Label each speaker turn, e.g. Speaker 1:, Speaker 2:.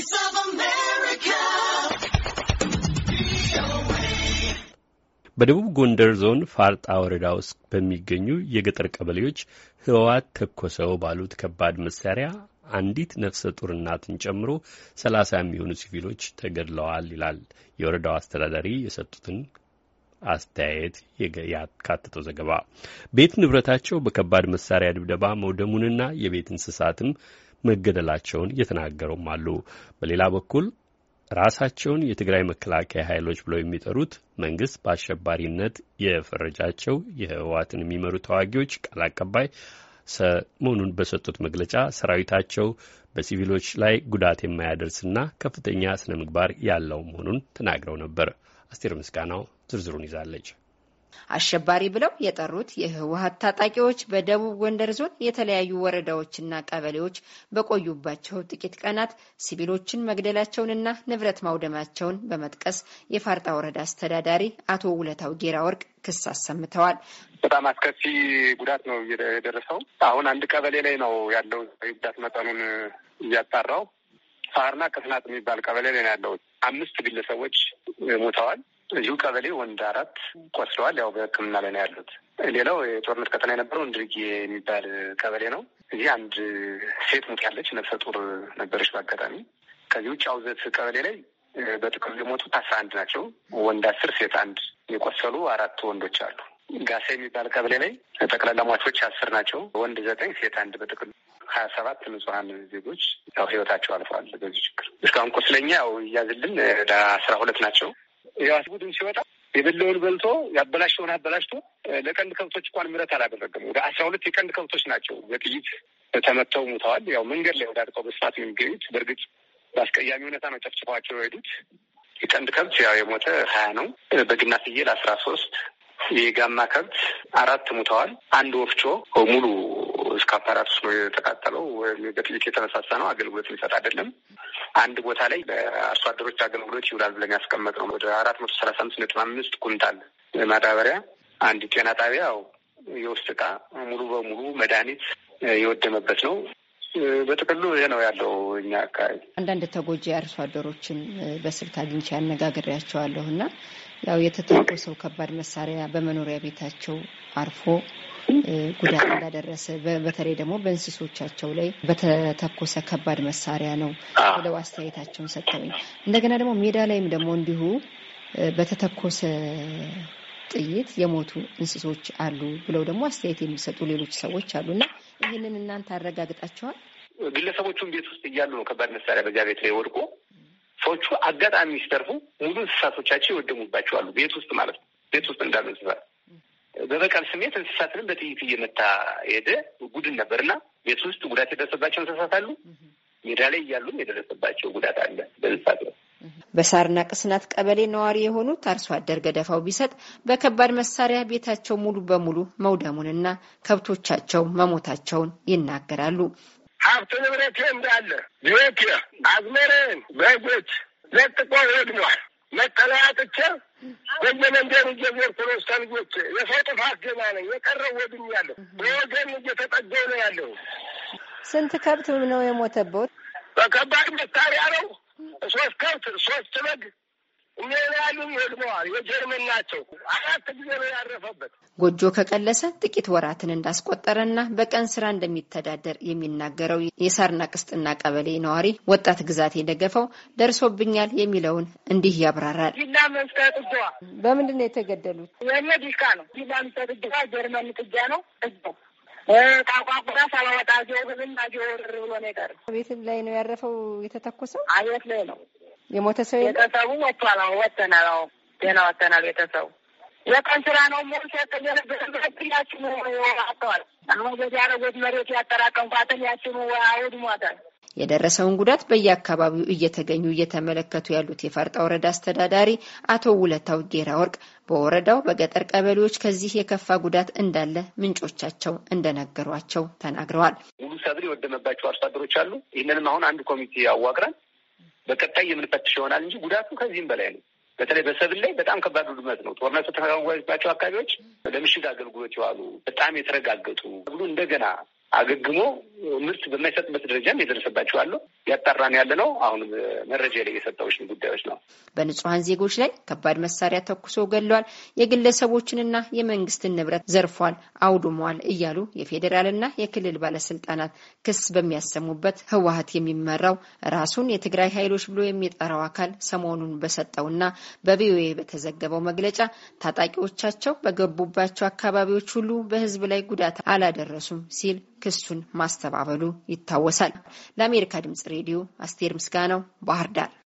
Speaker 1: Voice of America.
Speaker 2: በደቡብ ጎንደር ዞን ፋርጣ ወረዳ ውስጥ በሚገኙ የገጠር ቀበሌዎች ህወሓት ተኮሰው ባሉት ከባድ መሳሪያ አንዲት ነፍሰ ጡር እናትን ጨምሮ ሰላሳ የሚሆኑ ሲቪሎች ተገድለዋል ይላል የወረዳው አስተዳዳሪ የሰጡትን አስተያየት ያካትተው ዘገባ። ቤት ንብረታቸው በከባድ መሳሪያ ድብደባ መውደሙንና የቤት እንስሳትም መገደላቸውን የተናገሩም አሉ። በሌላ በኩል ራሳቸውን የትግራይ መከላከያ ኃይሎች ብለው የሚጠሩት መንግስት በአሸባሪነት የፈረጃቸው የህወሓትን የሚመሩ ተዋጊዎች ቃል አቀባይ ሰሞኑን በሰጡት መግለጫ ሰራዊታቸው በሲቪሎች ላይ ጉዳት የማያደርስና ከፍተኛ ስነ ምግባር ያለው መሆኑን ተናግረው ነበር። አስቴር ምስጋናው ዝርዝሩን ይዛለች።
Speaker 3: አሸባሪ ብለው የጠሩት የህወሀት ታጣቂዎች በደቡብ ጎንደር ዞን የተለያዩ ወረዳዎችና ቀበሌዎች በቆዩባቸው ጥቂት ቀናት ሲቪሎችን መግደላቸውንና ንብረት ማውደማቸውን በመጥቀስ የፋርጣ ወረዳ አስተዳዳሪ አቶ ውለታው ጌራ ወርቅ ክስ አሰምተዋል።
Speaker 1: በጣም አስከፊ ጉዳት ነው የደረሰው። አሁን አንድ ቀበሌ ላይ ነው ያለው ጉዳት መጠኑን እያጣራው ሳርና ቅስናት የሚባል ቀበሌ ላይ ነው ያለው። አምስት ግለሰቦች ሞተዋል። እዚሁ ቀበሌ ወንድ አራት ቆስለዋል። ያው በሕክምና ላይ ነው ያሉት። ሌላው የጦርነት ቀጠና የነበረው እንድርጌ የሚባል ቀበሌ ነው። እዚህ አንድ ሴት ያለች ነፍሰ ጡር ነበረች በአጋጣሚ። ከዚህ ውጭ አውዘት ቀበሌ ላይ በጥቅሉ የሞቱት አስራ አንድ ናቸው። ወንድ አስር ሴት አንድ፣ የቆሰሉ አራት ወንዶች አሉ። ጋሳ የሚባል ቀበሌ ላይ ጠቅላላ ሟቾች አስር ናቸው። ወንድ ዘጠኝ ሴት አንድ፣ በጥቅሉ ሀያ ሰባት ንጹሀን ዜጎች ያው ህይወታቸው አልፈዋል። በዚህ ችግር እስካሁን ቁስለኛ ያው እያዝልን አስራ ሁለት ናቸው። የዋስ ቡድን ሲወጣ የበላውን በልቶ ያበላሸውን አበላሽቶ ለቀንድ ከብቶች እንኳን ምረት አላደረገም። ወደ አስራ ሁለት የቀንድ ከብቶች ናቸው በጥይት ተመተው ሙተዋል። ያው መንገድ ላይ ወዳድቀው በስፋት የሚገኙት በእርግጥ በአስቀያሚ ሁኔታ ነው ጨፍጭፈዋቸው የሄዱት። የቀንድ ከብት ያው የሞተ ሀያ ነው። በግና ፍየል አስራ ሶስት የጋማ ከብት አራት ሙተዋል። አንድ ወፍጮ ሙሉ እስከ አፓራቱስ ነው የተቃጠለው። በጥይት የተመሳሳ ነው። አገልግሎት የሚሰጥ አይደለም። አንድ ቦታ ላይ ለአርሶ አደሮች አገልግሎት ይውላል ብለን ነው ወደ አራት መቶ ሰላሳ አምስት ነጥብ አምስት ኩንታል ማዳበሪያ፣ አንድ ጤና ጣቢያው የውስጥ ዕቃ ሙሉ በሙሉ መድኃኒት የወደመበት ነው። በጥቅሉ ይሄ ነው ያለው እኛ አካባቢ።
Speaker 3: አንዳንድ ተጎጂ አርሶ አደሮችን በስልክ አግኝቼ ያነጋግሬያቸዋለሁ እና ያው የተተኮሰው ከባድ መሳሪያ በመኖሪያ ቤታቸው አርፎ ጉዳት እንዳደረሰ በተለይ ደግሞ በእንስሶቻቸው ላይ በተተኮሰ ከባድ መሳሪያ ነው ብለው አስተያየታቸውን ሰጥተውኝ እንደገና ደግሞ ሜዳ ላይም ደግሞ እንዲሁ በተተኮሰ ጥይት የሞቱ እንስሶች አሉ ብለው ደግሞ አስተያየት የሚሰጡ ሌሎች ሰዎች አሉና ይህንን እናንተ አረጋግጣቸዋል?
Speaker 1: ግለሰቦቹን ቤት ውስጥ እያሉ ነው ከባድ መሳሪያ በዚያ ቤት ላይ ወድቆ ሰዎቹ አጋጣሚ ሲተርፉ ሙሉ እንስሳቶቻቸው ይወደሙባቸዋሉ ቤት ውስጥ ማለት ነው። ቤት ውስጥ እንዳሉ እንስሳት በበቀል ስሜት እንስሳትንም በጥይት እየመታ ሄደ ቡድን ነበር ቤት ውስጥ ጉዳት የደረሰባቸው እንስሳት አሉ። ሜዳ ላይ እያሉም የደረሰባቸው ጉዳት አለ በእንስሳት
Speaker 3: ነው። በሳርና ቅስናት ቀበሌ ነዋሪ የሆኑት አርሶ አደር ገደፋው ቢሰጥ በከባድ መሳሪያ ቤታቸው ሙሉ በሙሉ መውደሙንና ከብቶቻቸው መሞታቸውን ይናገራሉ።
Speaker 1: ሀብት ንብረት እንዳለ ቤት አዝመረን በጎች ለጥቆ ወድሟል። መጠለያ ጥቼ በየመንደሩ እየዞርኩ ነው። እስከ ልጆች የሰው ጥፋት ገና ነኝ። የቀረው ወድኛለሁ። በወገን እየተጠገው ነው ያለሁ።
Speaker 3: ስንት ከብት ነው የሞተበት?
Speaker 1: በከባድ መሳሪያ ነው ሶስት ከብት ሶስት በግ ያሉ ይወድመዋል። የጀርመን ናቸው። አራት ጊዜ ነው
Speaker 3: ያረፈበት። ጎጆ ከቀለሰ ጥቂት ወራትን እንዳስቆጠረና በቀን ስራ እንደሚተዳደር የሚናገረው የሳርና ቅስጥና ቀበሌ ነዋሪ ወጣት ግዛት የደገፈው ደርሶብኛል የሚለውን እንዲህ ያብራራል። ዲላ በምንድን ነው የተገደሉት?
Speaker 1: የነ ዲካ ነው ዲላ ጀርመን ጥጃ ነው ታቋቁራ ሳላወጣ ጆር ጆር ብሎ ነው
Speaker 3: ቤትም ላይ ነው ያረፈው የተተኮሰው። አቤት ላይ ነው የሞተ ሰው
Speaker 1: ቤተሰቡ ወጥቷል። አዎ ወጥተናል። አዎ ገና ወጥተናል። ቤተሰቡ የቀን ስራ ነው ሞ ሸቅየነበረበት ያችኑ አጥተዋል። አሁን መሬት ያጠራቀምኳትን ያችኑ አውድ
Speaker 3: የደረሰውን ጉዳት በየአካባቢው እየተገኙ እየተመለከቱ ያሉት የፋርጣ ወረዳ አስተዳዳሪ አቶ ውለታው ጌራ ወርቅ በወረዳው በገጠር ቀበሌዎች ከዚህ የከፋ ጉዳት እንዳለ ምንጮቻቸው እንደነገሯቸው ተናግረዋል።
Speaker 1: ሙሉ ሰብል የወደመባቸው አርሶ አደሮች አሉ። ይህንንም አሁን አንድ ኮሚቴ አዋቅረን በቀጣይ የምንፈትሽ ይሆናል እንጂ ጉዳቱ ከዚህም በላይ ነው። በተለይ በሰብል ላይ በጣም ከባድ ውድመት ነው። ጦርነቱ ተተጓጓዦባቸው አካባቢዎች ለምሽግ አገልግሎት የዋሉ በጣም የተረጋገጡ ብሎ እንደገና አገግሞ ምርት በማይሰጥበት ደረጃም የደረሰባቸው አሉ። ያጣራን ያለ ነው። አሁን መረጃ ላይ የሰጠሁሽን ጉዳዮች ነው።
Speaker 3: በንጹሐን ዜጎች ላይ ከባድ መሳሪያ ተኩሶ ገለዋል፣ የግለሰቦችንና የመንግስትን ንብረት ዘርፏል፣ አውድሟል እያሉ የፌዴራልና የክልል ባለስልጣናት ክስ በሚያሰሙበት ህወሀት የሚመራው ራሱን የትግራይ ኃይሎች ብሎ የሚጠራው አካል ሰሞኑን በሰጠውና በቪኦኤ በተዘገበው መግለጫ ታጣቂዎቻቸው በገቡባቸው አካባቢዎች ሁሉ በህዝብ ላይ ጉዳት አላደረሱም ሲል ክሱን ማስተባበሉ ይታወሳል። ለአሜሪካ ድምጽ ሬዲዮ አስቴር ምስጋናው ባህር ዳር